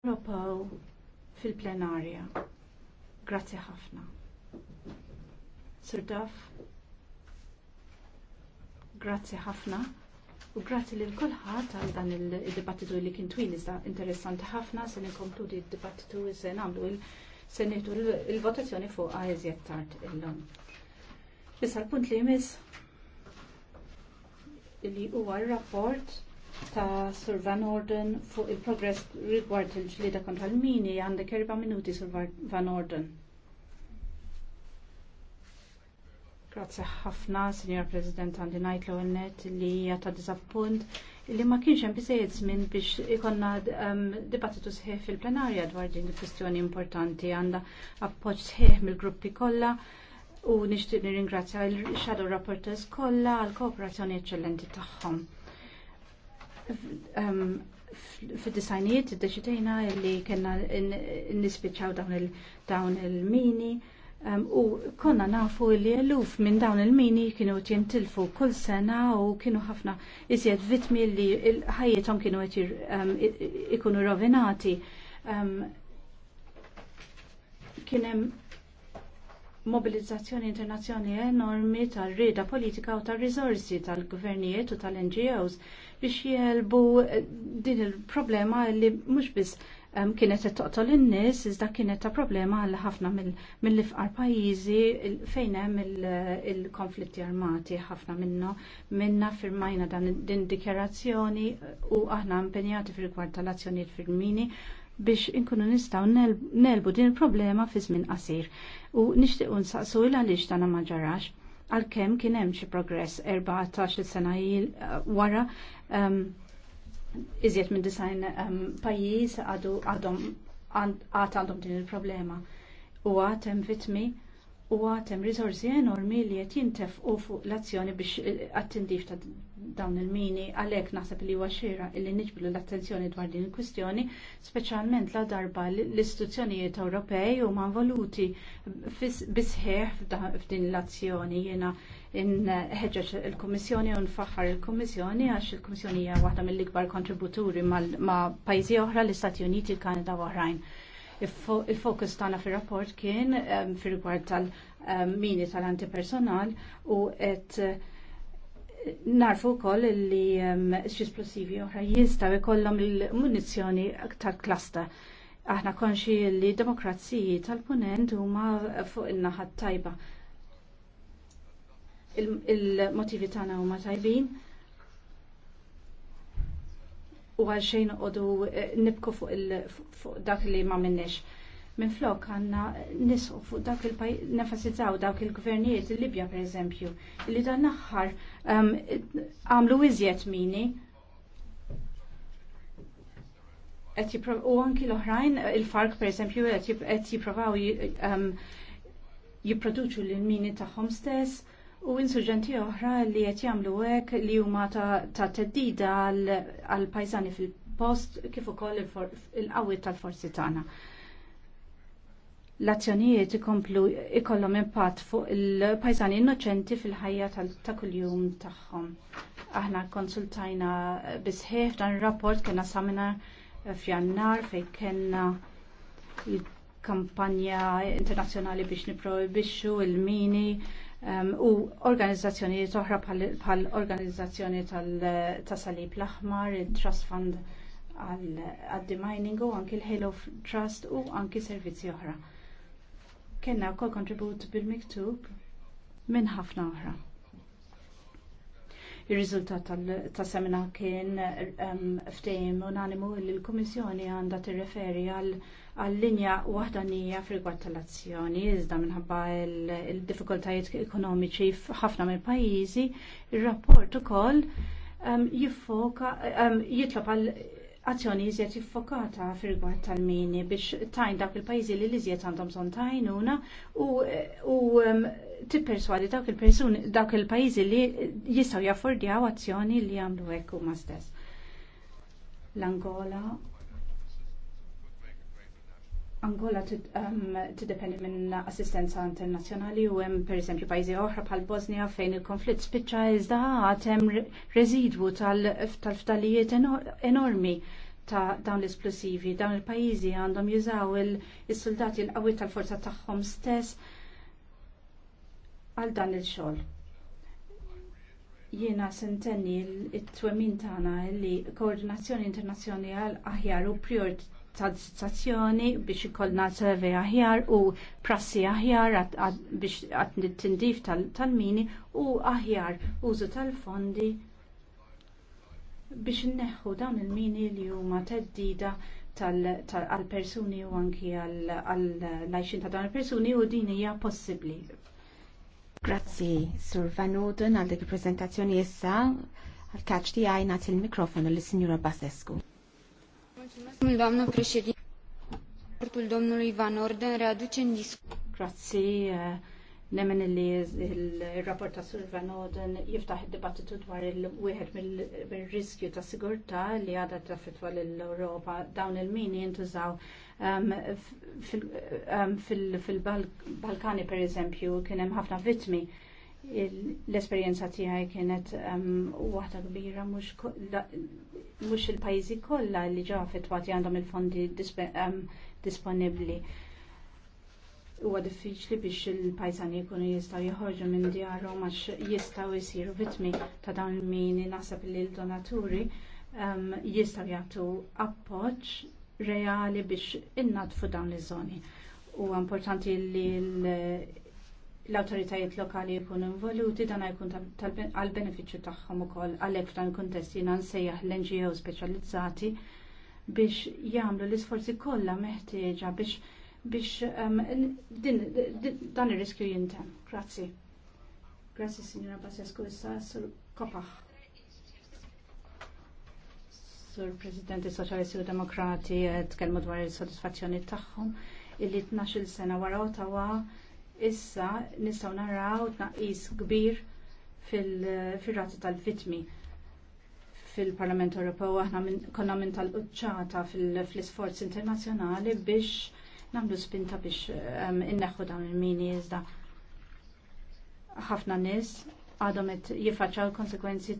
Propow fil-plenarja. Grazzi ħafna. Sir Daf, grazzi ħafna u li lil kulħadd għal dan il-dibattitu li kien twil iżda interessanti ħafna se nikkonkludi d-dibattitu se nagħmlu il nieħdu il votazzjoni fuq iżjed tard illum. Issa l-punt li jmiss li huwa r-rapport ta' Sir Van Orden fuq il-progress rigward il-ġlida kontra l-mini għandek erba' minuti Sir Van Orden. Grazie ħafna, Signor President, għandi najt l net li ta' disappunt li ma kienx hemm biżejjed żmien biex ikonna um, dibattitu sħiħ fil-plenarja dwar din il-kwistjoni importanti għandha appoġġ sħiħ mill-gruppi kollha. U nixtieq nirringrazzja l-Shadow Rapporters kollha għall kooperazzjoni eċċellenti tagħhom. Um, fil-disajnijiet id deċitejna li kena nispiċaw dawn il-mini um, u konna nafu li eluf minn dawn il-mini kienu jintilfu kull sena u kienu ħafna iżjed vitmi li ħajjetom kienu um, ikunu rovinati. Kienem mobilizzazzjoni internazzjoni enormi tal-rida politika u tal-rizorsi tal-gvernijiet u tal-NGOs biex jelbu eh, din il-problema li mhux biss kienet qed toqtol in-nies iżda kienet ta' problema għal ħafna mill-ifqar pajjiżi fejn hemm il-konflitti armati ħafna minna, minna firmajna dan din dikjarazzjoni u aħna impenjati fil kwart tal-azzjonijiet firmini biex inkunu nistaw nelbu din il-problema fi żmien qasir. U nixtiequ nsaqsu il għaliex tagħna ma ġarax għalkemm kien hemm xi progress 14 sena uh, wara um, iżjed minn design um, pajjiż għadu għadhom għad għandhom din il-problema. U għad vitmi u għatem rizorsi enormi li jett jintefqu fuq l-azzjoni biex eh, attendif ta' dawn il-mini għalek naħseb li waxira li nġblu l-attenzjoni dwar din il-kwistjoni, specialment la darba l-istituzzjonijiet Ewropej u ma' voluti bisħeħ f'din l-azzjoni jena inħeġġeġ il komissjoni u nfaħħar il komissjoni għax il komissjoni hija waħda mill-ikbar kontributuri ma' pajjiżi oħra l-Istati Uniti, l kanada u oħrajn il-fokus tagħna fir-rapport kien um, fir-rigward tal- Um, mini tal-antipersonal u et eh, narfu koll li xisplosivi um, oħra jistaw ikollhom il-munizzjoni tal klasta. Aħna konxi li demokrazziji tal-punent huma fuq il-naħat tajba. Il-motivi tana tagħna huma tajbin u għalxejn għodu eh, nibku fuq dak li ma minnex Minn flok għanna nisqu fuq dak il nefasizzaw dawk il-gvernijiet il-Libja per eżempju, li dan naħħar um, għamlu iżjed mini. U anki l-oħrajn, il-fark per eżempju, għet jiprovaw jiproduċu um, l-mini taħħom stess u insurġenti oħra li qed jagħmlu hekk li huma ta' teddida għal pajzani fil-post kif ukoll il-qawwi tal-forzi tagħna l-azzjonijiet ikomplu ikollhom impatt fuq il-pajżani innoċenti fil-ħajja ta' kuljum tagħhom. Aħna konsultajna bisħeħ dan ir-rapport kena Samina f'jannar fejn kellna kampanja internazzjonali biex niprojbixxu il-mini um, u organizzazzjonijiet oħra bħal organizzazzjoni tal-Salib l-Aħmar, il-Trust Fund għal demining u anki l-Halo Trust u anki servizzi oħra. Kenna wkoll kontribut bil-miktub minn ħafna oħra. Ir-riżultat tas semina kien um, ftehim unanimu li l-Kummissjoni għandha referi għal linja waħdanija f'rigward tal-azzjoni iżda minħabba il diffikultajiet ekonomiċi f'ħafna mill-pajjiżi, ir-rapport ukoll um, jiffoka um, jitlob għal azzjoni iżjed iffokata fil-rigward tal-mini biex tajn dak il-pajjiżi li l-iżjed għandhom bżonn tajnuna u, u um, tipperswadi dawk il-persuni dak il-pajjiżi li jistgħu jaffordjaw azzjoni li jagħmlu hekk huma stess. L-Angola Angola tiddependi minn assistenza internazzjonali u hemm pereżempju pajjiżi oħra pal Bosnia fejn il-konflitt spiċċa iżda għad hemm residwu tal-ftalijiet enormi ta' dawn l-esplosivi. Dawn il-pajjiżi għandhom jużaw il-soldati l-qawwi tal-forza tagħhom stess għal dan il-xogħol. Jiena sentenni it-twemmin tagħna li koordinazzjoni internazzjonali aħjar u priorit tazzazzjoni biex ikollna survey aħjar u prassi aħjar biex għat tindif tal-mini u aħjar użu tal-fondi biex neħu dawn il-mini li huma teddida tal-persuni u anki għal-lajxin ta' dawn il-persuni u din hija possibbli. Grazzi, Sur Van Oden, għal dik il-prezentazzjoni issa. Għal-kaċ ti għajna til-mikrofonu l-Signora Basescu. Doamnă președinte, raportul domnului Van Orden readuce în discuție. Grazzi, eh, nemmen li il-rapport ta' Sir Van Oden jiftaħ id-dibattitu dwar il-wieħed mill-riskju ta' sigurta li għadha taffetwa l-Europa dawn il-mini jintużaw ehm, fil-Balkani ehm, per eżempju kien hemm ħafna vittmi l-esperienza tiegħi kienet ehm, waħda kbira mhux il-pajjiżi kollha li ġa affettwati għandhom il-fondi ehm, disponibbli. Huwa diffiċli biex il-pajsani jkunu jistgħu joħorġu minn djarhom għax jistgħu jsiru vittmi ta' dawn il-mini naħseb li l-donaturi ehm, jistgħu jagħtu appoġġ reali biex innadfu dawn iż-żoni. Huwa importanti li l-autoritajiet lokali jkunu involuti dan jkun għal beneficju tagħhom ukoll għalhekk f'dan il-kuntest jiena nsejjaħ l-NGO speċjalizzati biex jagħmlu l-isforzi kollha meħtieġa biex biex um, din, din, dan ir-riskju jintem. Grazzi. Grazzi Signora Basescu issa sur kopaħ. Sur Presidenti Soċjalisti u Demokrati eh, tkellmu dwar is-sodisfazzjoni tagħhom illi 12 sena wara tawa issa nistgħu naraw tnaqqis kbir fil-rati fil tal-vitmi fil-Parlament Ewropew aħna min, konna minn tal-qċata fl-isforz internazzjonali biex nagħmlu spinta biex um, inneħħu dan il-mini iżda ħafna nies għadhom qed jiffaċċaw l-konsekwenzi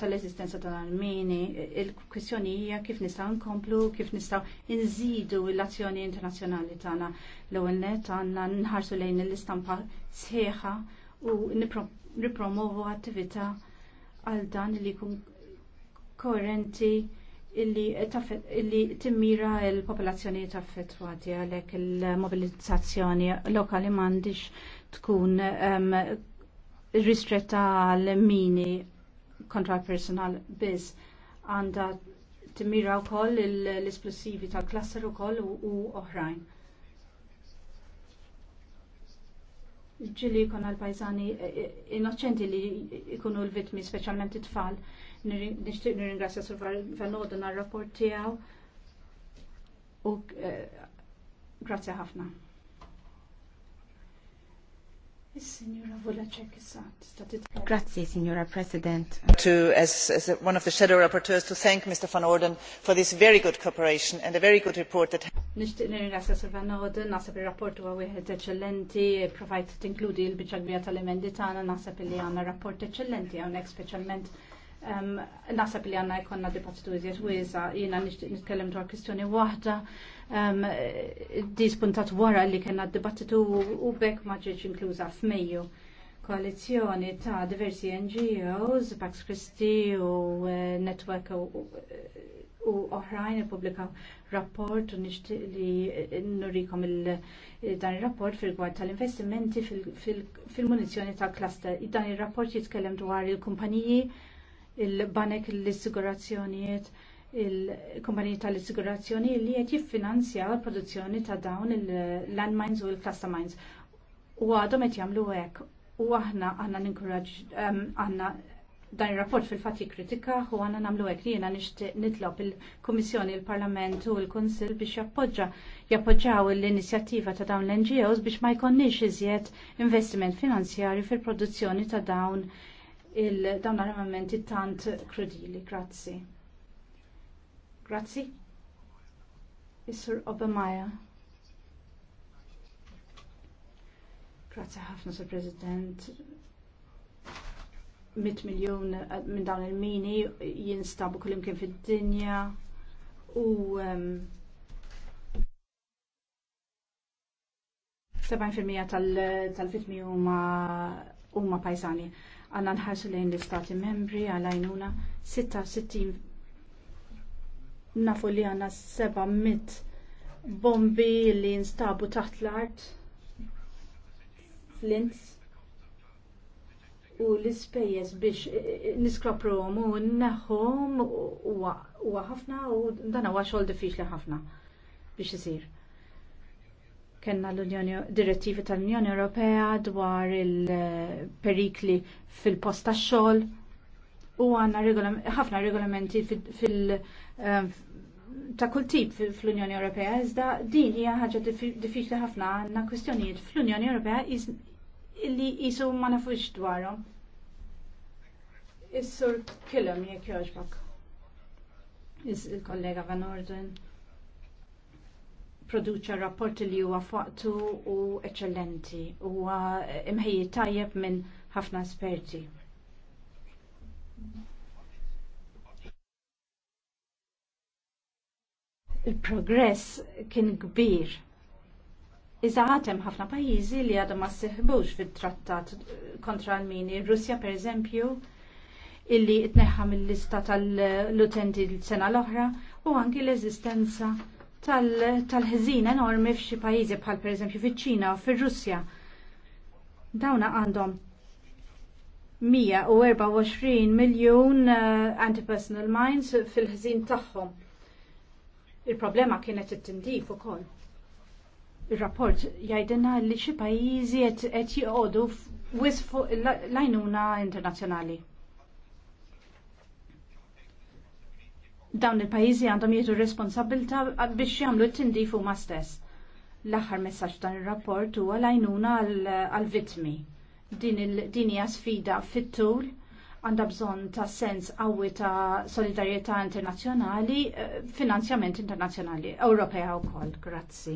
tal-eżistenza tal-Armini. Il-kwistjoni hija kif nistgħu nkomplu, kif nistgħu nżidu l-azzjoni internazzjonali tagħna l-ewwel net għandna nħarsu lejn l-istampa sħiħa u nipromovu attività għal dan li jkun korrenti illi timmira l-popolazzjoni taffettwati għalhekk il-mobilizzazzjoni lokali m'għandix tkun ehm, ristretta l-mini kontra personal biz għanda timira u koll l-esplosivi tal-klasser u koll u oħrajn. Ġili kon għal-pajzani e, e, innoċenti li ikunu l-vitmi, specialment it-tfal, nishtiq nirringrazzja sur Vanodan għal-rapport tijaw u e, grazzi ħafna. Signora Vulacek, Grazie, Signora President. To, as, as one of the shadow rapporteurs, to thank Mr. Van Orden for this very good cooperation and a very good report that. Nishtiq nirringrazzja Sir Van Orden, nasab il-rapport huwa wieħed eċċellenti, provajt tinkludi l-biċċa kbira tal-emendi tagħna, nasab li għandna rapport eċċellenti hawnhekk speċjalment ehm, nasab li għandna jkollna dibattitu iżjed wiesa, jiena nixtieq nitkellem dwar kwistjoni waħda um, di spuntat wara li kena dibattitu u bekk maġġieġ inkluża f'Mejju. Koalizjoni ta' diversi NGOs, Pax Christi u eh, Network u oħrajn il-publika rapport u nixtieq li eh, nurikom eh, dan ir-rapport fil-gwad tal-investimenti fil-munizzjoni ta' cluster. Dan ir-rapport jitkellem dwar il-kumpaniji, il-banek, l-assigurazzjonijiet. il kumpaniji il banek l assigurazzjonijiet il il-kumpaniji tal-assigurazzjoni li qed jiffinanzjaw il-produzzjoni ta' dawn il-landmines u l mines. U għadhom qed jagħmlu hekk. U aħna għandna ninkoraġġ ehm, għandna dan ir-rapport fil-fatt jikkritika u għandna nagħmlu hekk jiena nixtieq nitlob il-Kummissjoni, il-Parlament u l-Kunsill biex jappoġġa jappoġġaw l-inizjattiva ta' dawn l-NGOs biex ma jkollniex iżjed investiment finanzjarju fil-produzzjoni ta' dawn il-dawn l-armamenti tant krudili. Grazzi. Grazzi. Is-Sur Obamaja. Grazzi ħafna, Sur President. Mit miljon eh, minn dawn il-mini jinstabu kull imkien fid-dinja u um, 70% tal fitmi huma huma pajsani. Għanna nħarsu lejn l-istati membri għal għajnuna 66 nafu li għanna 700 bombi li nstabu taħt l-art flints u l-ispejjeż biex e, e, niskraprom u naħom u ħafna u dan huwa xogħol diffiċli ħafna biex isir. Kenna l-Unjoni direttivi tal-Unjoni Ewropea dwar il-perikli eh, fil-post tax-xogħol u għanna ħafna regolamenti fil- ehm, ta' kull tip fl-Unjoni Ewropea, iżda din hija ħaġa diffiċli ħafna għandna kwistjonijiet fl-Unjoni Ewropea li jisu ma nafux dwarhom. Is-sur kilhom jekk jogħġbok. Il-kollega Van Orden produċa rapporti li huwa faqtu u eċċellenti huwa imħejji tajjeb minn ħafna esperti il-progress kien kbir. Iżda għatem ħafna pajjiżi li għadhom ma seħbux fit-trattat kontra l-mini. Russja per eżempju, illi itneħħa mill-lista tal-utenti l-sena l-oħra u anki l-eżistenza tal-ħżin enormi f'xi pajjiżi bħal per eżempju fiċ-Ċina u fir-Russja. Dawna għandhom 124 miljon eh, antipersonal mines fil-ħżin tagħhom. Il-problema kienet it-tindif ukoll. Il-rapport jgħidilna li xi pajjiżi qed joqogħdu wis fuq l-għajnuna internazzjonali. Dawn il-pajjiżi għandhom jieħdu responsabilta biex jagħmlu t-tindif huma stess. L-aħħar messaġġ dan ir-rapport huwa l-għajnuna għall-vittmi din il-dinja sfida fit-tul għandha bżonn ta' sens qawwi ta' solidarjetà internazzjonali, eh, finanzjament internazzjonali, Ewropea wkoll. Grazzi.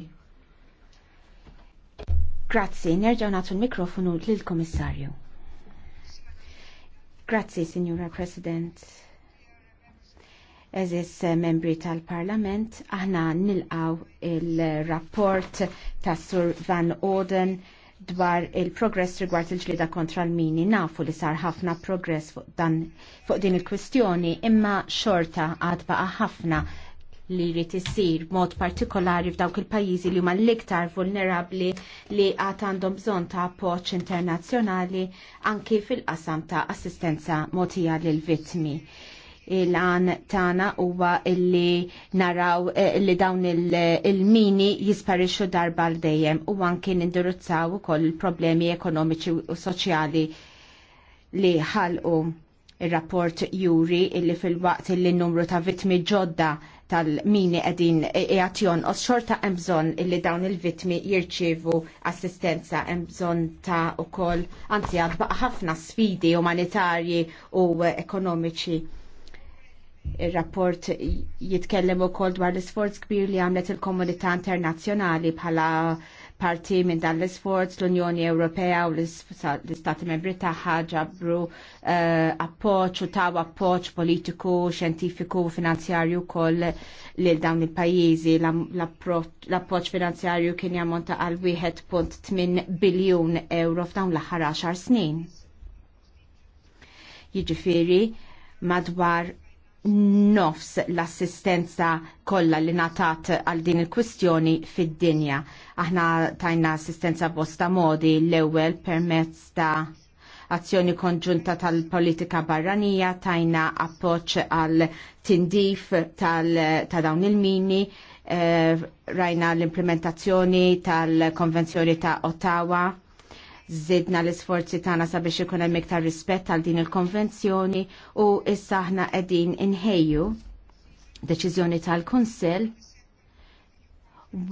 Grazzi, nerġgħu nagħtu l-mikrofonu lill-Kummissarju. Grazzi, Signora President. Eżis eh, membri tal-Parlament, aħna nilqaw il-rapport ta' Sur Van Oden dwar il-progress rigward il-ġlida kontra l-mini nafu li sar ħafna progress fuq, dan, fuq din il-kwistjoni imma xorta għad baqa ħafna li jrid isir mod partikolari f'dawk il-pajjiżi li huma l-iktar vulnerabbli li għad għandhom bżonn ta' appoġġ internazzjonali anki fil-qasam ta' assistenza mogħtija lill vittmi il-għan tana huwa illi naraw eh, li dawn il-mini jisparixxu darba l dejjem u anki nindirizzaw ukoll il-problemi ekonomiċi u soċjali li ħalqu il-rapport juri illi fil-waqt illi numru ta' vitmi ġodda tal-mini għedin jgħatjon e u xorta emżon illi dawn il-vitmi jirċivu assistenza emżon ta' u koll għanzi għadbaq ħafna sfidi umanitarji u ekonomiċi Il-rapport jitkellem ukoll dwar l sforz kbir li għamlet il-komunità internazzjonali bħala parti minn dan l sforz l-Unjoni Ewropea u l-Istati Membri tagħha ġabru uh, eh, appoġġ u taw appoġġ politiku, xjentifiku u finanzjarju wkoll lil dawn il-pajjiżi. L-appoġġ finanzjarju kien jammonta għal 1.8 biljun euro f'dawn l-aħħar 10 snin. Jiġifieri madwar nofs l-assistenza kollha li natat għal din il-kwistjoni fid-dinja. Aħna tajna assistenza bosta modi l-ewwel permezz ta' azzjoni konġunta tal-politika barranija, tajna appoċ għal tindif ta' dawn il-mini, eh, rajna l-implementazzjoni tal-konvenzjoni ta' Ottawa Zidna l-isforzi tagħna sabiex ikun hemm iktar rispett għal din il-konvenzjoni u issa aħna qegħdin inħejju deċiżjoni tal-Kunsill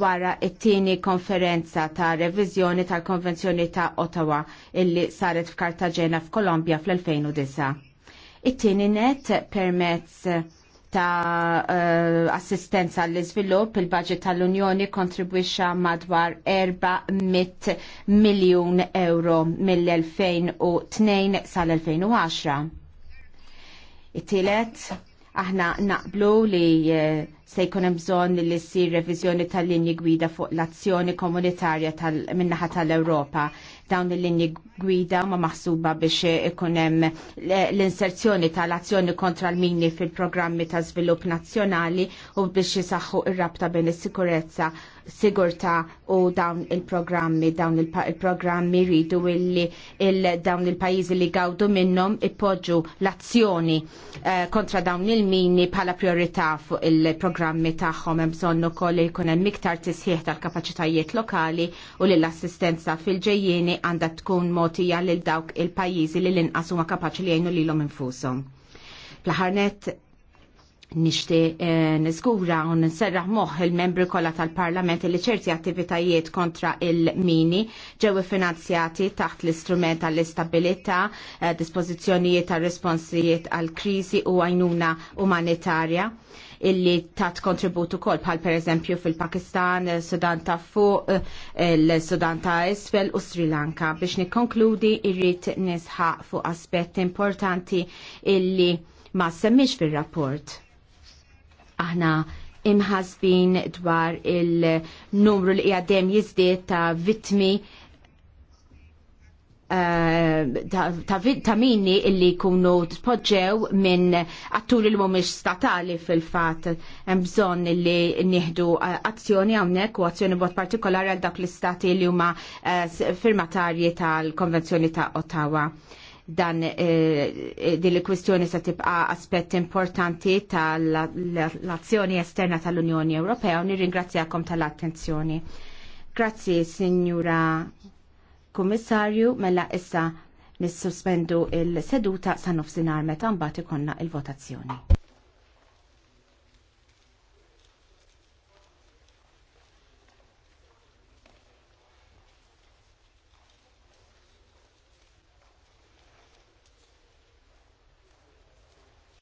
wara it-tieni konferenza ta' reviżjoni tal-Konvenzjoni ta' Ottawa illi saret f'Kartagena f'Kolombja fl-2009. It-tieni net permezz ta' uh, assistenza għall iżvilupp il-budget tal-Unjoni kontribwixxa madwar 400 miljun euro mill-2002 sal-2010. It-tielet, aħna naqblu li uh, se jkun hemm bżonn li ssir reviżjoni tal-linji gwida fuq l-azzjoni komunitarja tal minnaħa tal-Ewropa. Dawn il-linji gwida ma maħsuba biex ikun hemm l-inserzjoni tal-azzjoni kontra l-mini fil-programmi ta' żvilupp nazzjonali u biex jisaħħu ir-rabta bejn is-sikurezza sigurta u dawn il-programmi, dawn il-programmi rridu illi il dawn il-pajizi li gawdu minnom ippoġġu l-azzjoni eh, kontra dawn il-mini bħala priorità fuq il-programmi programmi tagħhom hemm bżonn ukoll li jkun hemm iktar tisħiħ tal-kapaċitajiet lokali u li l-assistenza fil-ġejjieni għandha tkun mogħtija lil dawk il-pajjiżi li l-inqas huma kapaċi li jgħinu lilhom infushom. Plaħarnet nishti nixtieq eh, niżgura u nserraħ moħ il-membri kollha tal-Parlament li ċerti attivitajiet kontra il-mini ġew finanzjati taħt l-istrument tal-istabilità, eh, dispożizzjonijiet tal-responsijiet għal-kriżi u għajnuna umanitarja illi tat kontributu kol bħal per eżempju fil-Pakistan, eh, Sudan ta' fuq, il-Sudan eh, ta' isfel u Sri Lanka. Biex nikkonkludi irrit nisħaq fuq aspett importanti illi ma semmix fil-rapport. Aħna imħasbin dwar il-numru li għadem jizdiet ta' vitmi Eh, ta' minni illi kunu tpoġġew minn atturi li mhumiex statali fil-fatt hemm bżonn illi nieħdu eh, azzjoni hawnhekk u azzjoni bot partikolari għal dak l-istati li huma eh, firmatarji tal-Konvenzjoni ta' Ottawa dan din il-kwistjoni se tibqa' aspet importanti tal-azzjoni esterna tal-Unjoni Ewropea u nirringrazzjakom tal-attenzjoni. Grazzi, Signora Kummissarju, mela issa nissospendu il-seduta sa' nofsinhar meta mbagħad ikollna il-votazzjoni.